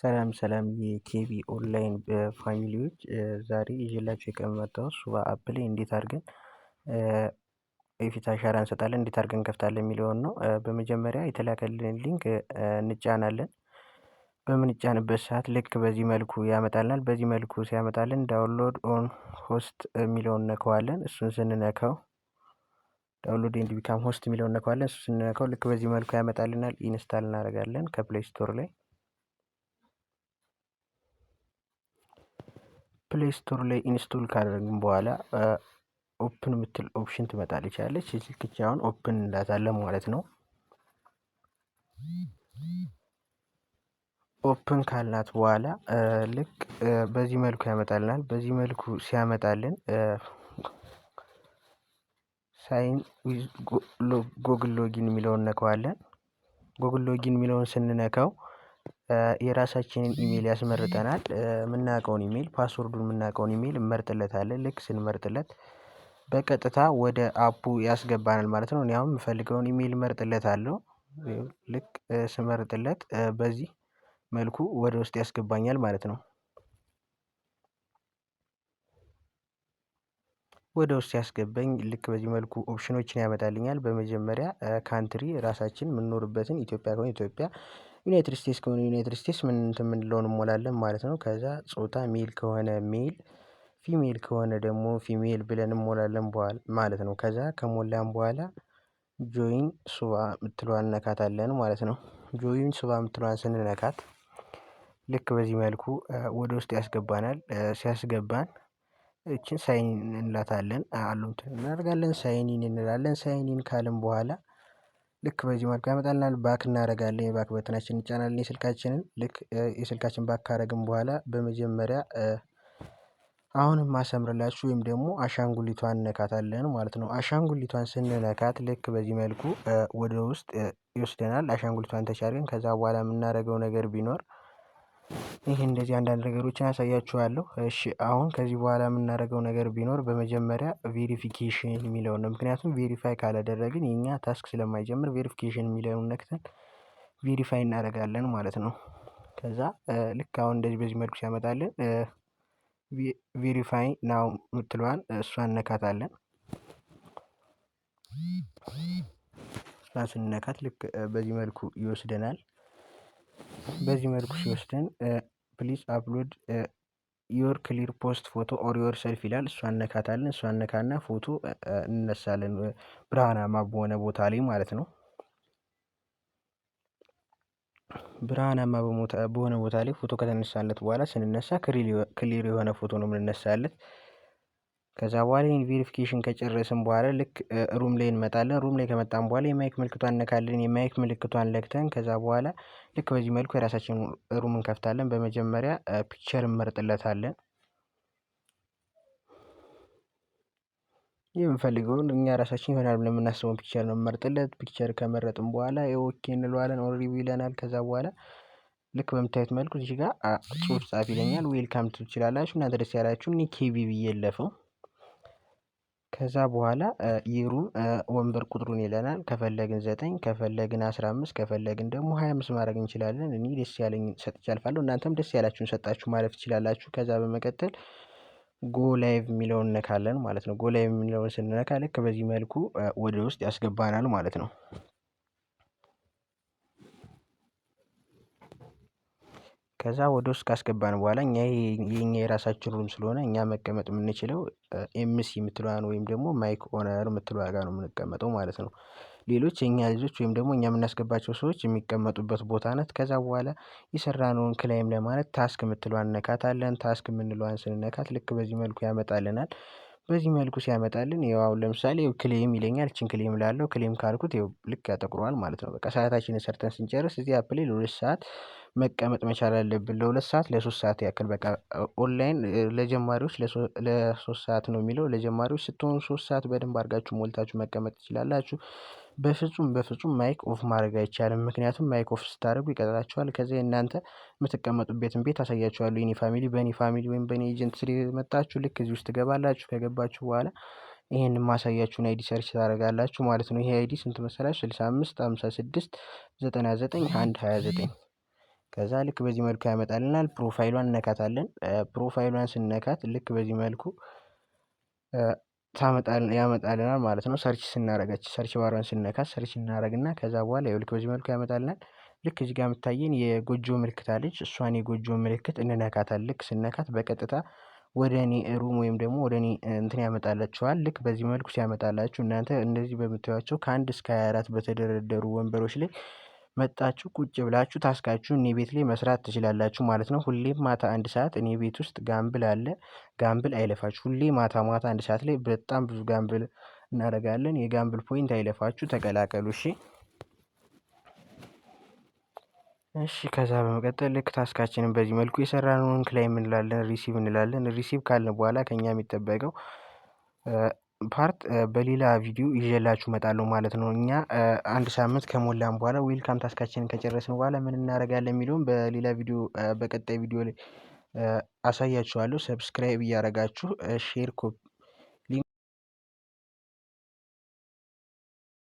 ሰላም ሰላም የኬቢ ኦንላይን ፋሚሊዎች ዛሬ ይዤላችሁ የቀመጠው ሱባ አፕ ላይ እንዴት አድርገን የፊት አሻራ እንሰጣለን፣ እንዴት አድርገን እንከፍታለን የሚለውን ነው። በመጀመሪያ የተላከልን ሊንክ እንጫናለን። በምንጫንበት ሰዓት ልክ በዚህ መልኩ ያመጣልናል። በዚህ መልኩ ሲያመጣልን ዳውንሎድ ኦን ሆስት የሚለውን ነከዋለን። እሱን ስንነከው ዳውንሎድ ኤንድ ቢካም ሆስት የሚለውን ነከዋለን። እሱ ስንነከው ልክ በዚህ መልኩ ያመጣልናል። ኢንስታል እናደርጋለን ከፕሌይ ስቶር ላይ ፕሌይ ስቶር ላይ ኢንስቶል ካደረግን በኋላ ኦፕን የምትል ኦፕሽን ትመጣለች ያለች አሁን ኦፕን እንላታለን ማለት ነው። ኦፕን ካልናት በኋላ ልክ በዚህ መልኩ ያመጣልናል። በዚህ መልኩ ሲያመጣልን ሳይን ጎግል ሎጊን የሚለውን ነከዋለን። ጎግል ሎጊን የሚለውን ስንነካው የራሳችንን ኢሜይል ያስመርጠናል የምናውቀውን ኢሜይል ፓስወርዱን የምናውቀውን ኢሜይል እንመርጥለታለን ልክ ስንመርጥለት በቀጥታ ወደ አፑ ያስገባናል ማለት ነው። እኔ የምፈልገውን ኢሜይል እመርጥለታለሁ ልክ ስመርጥለት በዚህ መልኩ ወደ ውስጥ ያስገባኛል ማለት ነው። ወደ ውስጥ ሲያስገባኝ ልክ በዚህ መልኩ ኦፕሽኖችን ያመጣልኛል በመጀመሪያ ካንትሪ ራሳችን የምንኖርበትን ኢትዮጵያ ከሆነ ኢትዮጵያ ዩናይትድ ስቴትስ ከሆነ ዩናይትድ ስቴትስ ምን እንትን እንሞላለን ማለት ነው። ከዛ ጾታ ሜል ከሆነ ሜል ፊሜል ከሆነ ደግሞ ፊሜል ብለን እንሞላለን ማለት ነው። ከዛ ከሞላን በኋላ ጆይን ሱባ ምትሏን እነካታለን ማለት ነው። ጆይን ሱባ ምትሏን ስንነካት ልክ በዚህ መልኩ ወደ ውስጥ ያስገባናል። ሲያስገባን እችን ሳይን እንላታለን አሉምት እናደርጋለን ሳይኒን እንላለን ሳይኒን ካልን በኋላ ልክ በዚህ መልኩ ያመጣልናል ባክ እናደርጋለን የባክ በተናችን እንጫናለን የስልካችንን ልክ የስልካችን ባክ ካደረግን በኋላ በመጀመሪያ አሁንም ማሰምርላችሁ ወይም ደግሞ አሻንጉሊቷን እነካታለን ማለት ነው። አሻንጉሊቷን ስንነካት ልክ በዚህ መልኩ ወደ ውስጥ ይወስደናል። አሻንጉሊቷን ተቻርገን ከዛ በኋላ የምናደርገው ነገር ቢኖር ይህ እንደዚህ አንዳንድ ነገሮችን አሳያችኋለሁ። እሺ አሁን ከዚህ በኋላ የምናደርገው ነገር ቢኖር በመጀመሪያ ቬሪፊኬሽን የሚለውን ነው። ምክንያቱም ቬሪፋይ ካላደረግን የኛ ታስክ ስለማይጀምር ቬሪፊኬሽን የሚለውን ነክተን ቬሪፋይ እናደርጋለን ማለት ነው። ከዛ ልክ አሁን እንደዚህ በዚህ መልኩ ሲያመጣልን ቬሪፋይ ናው የምትለዋን እሷ እነካታለን። እሷን ስንነካት ልክ በዚህ መልኩ ይወስደናል። በዚህ መልኩ ሲወስደን ፕሊዝ አፕሎድ ዮር ክሊር ፖስት ፎቶ ኦር ዮር ሰልፍ ይላል። እሷ እነካታለን። እሷን እነካና ፎቶ እንነሳለን ብርሃናማ በሆነ ቦታ ላይ ማለት ነው። ብርሃናማ በሆነ ቦታ ላይ ፎቶ ከተነሳለት በኋላ ስንነሳ ክሊር የሆነ ፎቶ ነው የምንነሳለት። ከዛ በኋላ ይህን ቬሪፊኬሽን ከጨረስን በኋላ ልክ ሩም ላይ እንመጣለን። ሩም ላይ ከመጣን በኋላ የማይክ ምልክቷን እነካለን። የማይክ ምልክቷን ለክተን ከዛ በኋላ ልክ በዚህ መልኩ የራሳችን ሩም እንከፍታለን። በመጀመሪያ ፒክቸር እንመርጥለታለን። የምንፈልገውን እኛ ራሳችን ይሆናል ብለን የምናስበውን ፒክቸር ነው የምመርጥለት። ፒክቸር ከመረጥን በኋላ ኦኬ እንለዋለን። ኦንሪቪው ይለናል። ከዛ በኋላ ልክ በምታዩት መልኩ እዚህ ጋር ጻፍ ይለኛል። ዌልካም ትችላላችሁ እናንተ ደስ ያላችሁ። እኔ ብዬ የለፈው ከዛ በኋላ የሩም ወንበር ቁጥሩን ይለናል ከፈለግን ዘጠኝ ከፈለግን አስራ አምስት ከፈለግን ደግሞ ሃያ አምስት ማድረግ እንችላለን። እኔ ደስ ያለኝ ሰጥቼ አልፋለሁ እናንተም ደስ ያላችሁን ሰጣችሁ ማለፍ ትችላላችሁ። ከዛ በመቀጠል ጎ ላይቭ የሚለውን እነካለን ማለት ነው። ጎ ላይቭ የሚለውን ስንነካ ልክ በዚህ መልኩ ወደ ውስጥ ያስገባናል ማለት ነው ከዛ ወደ ውስጥ ካስገባን በኋላ እኛ የኛ የራሳችን ሩም ስለሆነ እኛ መቀመጥ የምንችለው ኤምሲ የምትለዋን ወይም ደግሞ ማይክ ኦነር የምትለዋ ጋር ነው የምንቀመጠው ማለት ነው። ሌሎች የኛ ልጆች ወይም ደግሞ እኛ የምናስገባቸው ሰዎች የሚቀመጡበት ቦታ ናት። ከዛ በኋላ የሰራነውን ክላይም ለማለት ታስክ የምትለዋን እንነካታለን ታስክ የምንለዋን ስንነካት ልክ በዚህ መልኩ ያመጣልናል በዚህ መልኩ ሲያመጣልን ያው ለምሳሌ ያው ክሌም ይለኛል ይቺን ክሌም ላለው ክሌም ካልኩት ያው ልክ ያጠቁረዋል ማለት ነው። በቃ ሰዓታችንን ሰርተን ስንጨርስ እዚህ አፕ ላይ ለሁለት ሰዓት መቀመጥ መቻል አለብን ለሁለት ሰዓት ለሶስት ሰዓት ያክል በቃ ኦንላይን ለጀማሪዎች ለሶስት ሰዓት ነው የሚለው ለጀማሪዎች ስትሆኑ ሶስት ሰዓት በደንብ አድርጋችሁ ሞልታችሁ መቀመጥ ትችላላችሁ። በፍጹም በፍጹም ማይክ ኦፍ ማድረግ አይቻልም። ምክንያቱም ማይክ ኦፍ ስታደርጉ ይቀጥላቸዋል። ከዚያ እናንተ የምትቀመጡበትን ቤት አሳያቸዋሉ። የኔ ፋሚሊ በእኔ ፋሚሊ ወይም በእኔ ኤጀንት ስር መጣችሁ ልክ እዚህ ውስጥ ትገባላችሁ። ከገባችሁ በኋላ ይህን ማሳያችሁን አይዲ ሰርች ታደርጋላችሁ ማለት ነው። ይሄ አይዲ ስንት መሰላችሁ? ስልሳ አምስት ሃምሳ ስድስት ዘጠና ዘጠኝ አንድ ሀያ ዘጠኝ ከዛ ልክ በዚህ መልኩ ያመጣልናል። ፕሮፋይሏን እነካታለን። ፕሮፋይሏን ስነካት ልክ በዚህ መልኩ ያመጣልናል ማለት ነው። ሰርች ስናደርጋች ሰርች ባሯን ስነካ ሰርች እናደርግና ከዛ በኋላ ይኸውልህ በዚህ መልኩ ያመጣልናል። ልክ እዚህ ጋር የምታየን የጎጆ ምልክት አለች እሷን የጎጆ ምልክት እንነካታል። ልክ ስንነካት በቀጥታ ወደ እኔ ሩም ወይም ደግሞ ወደ እኔ እንትን ያመጣላችኋል ልክ በዚህ መልኩ ሲያመጣላችሁ እናንተ እንደዚህ በምታዩቸው ከአንድ እስከ ሃያ አራት በተደረደሩ ወንበሮች ላይ መጣችሁ ቁጭ ብላችሁ ታስካችሁ እኔ ቤት ላይ መስራት ትችላላችሁ ማለት ነው። ሁሌም ማታ አንድ ሰዓት እኔ ቤት ውስጥ ጋምብል አለ። ጋምብል አይለፋችሁ ሁሌ ማታ ማታ አንድ ሰዓት ላይ በጣም ብዙ ጋምብል እናደርጋለን የጋምብል ፖይንት አይለፋችሁ ተቀላቀሉ እሺ። እሺ ከዛ በመቀጠል ልክ ታስካችንን በዚህ መልኩ የሰራነውን ክላይም እንላለን ሪሲቭ እንላለን ሪሲቭ ካልን በኋላ ከኛ የሚጠበቀው ፓርት በሌላ ቪዲዮ ይዤላችሁ እመጣለሁ ማለት ነው። እኛ አንድ ሳምንት ከሞላን በኋላ ዌልካም ታስካችንን ከጨረስን በኋላ ምን እናደርጋለን የሚለውን በሌላ ቪዲዮ በቀጣይ ቪዲዮ ላይ አሳያችኋለሁ። ሰብስክራይብ እያደረጋችሁ ሼር ኮፒ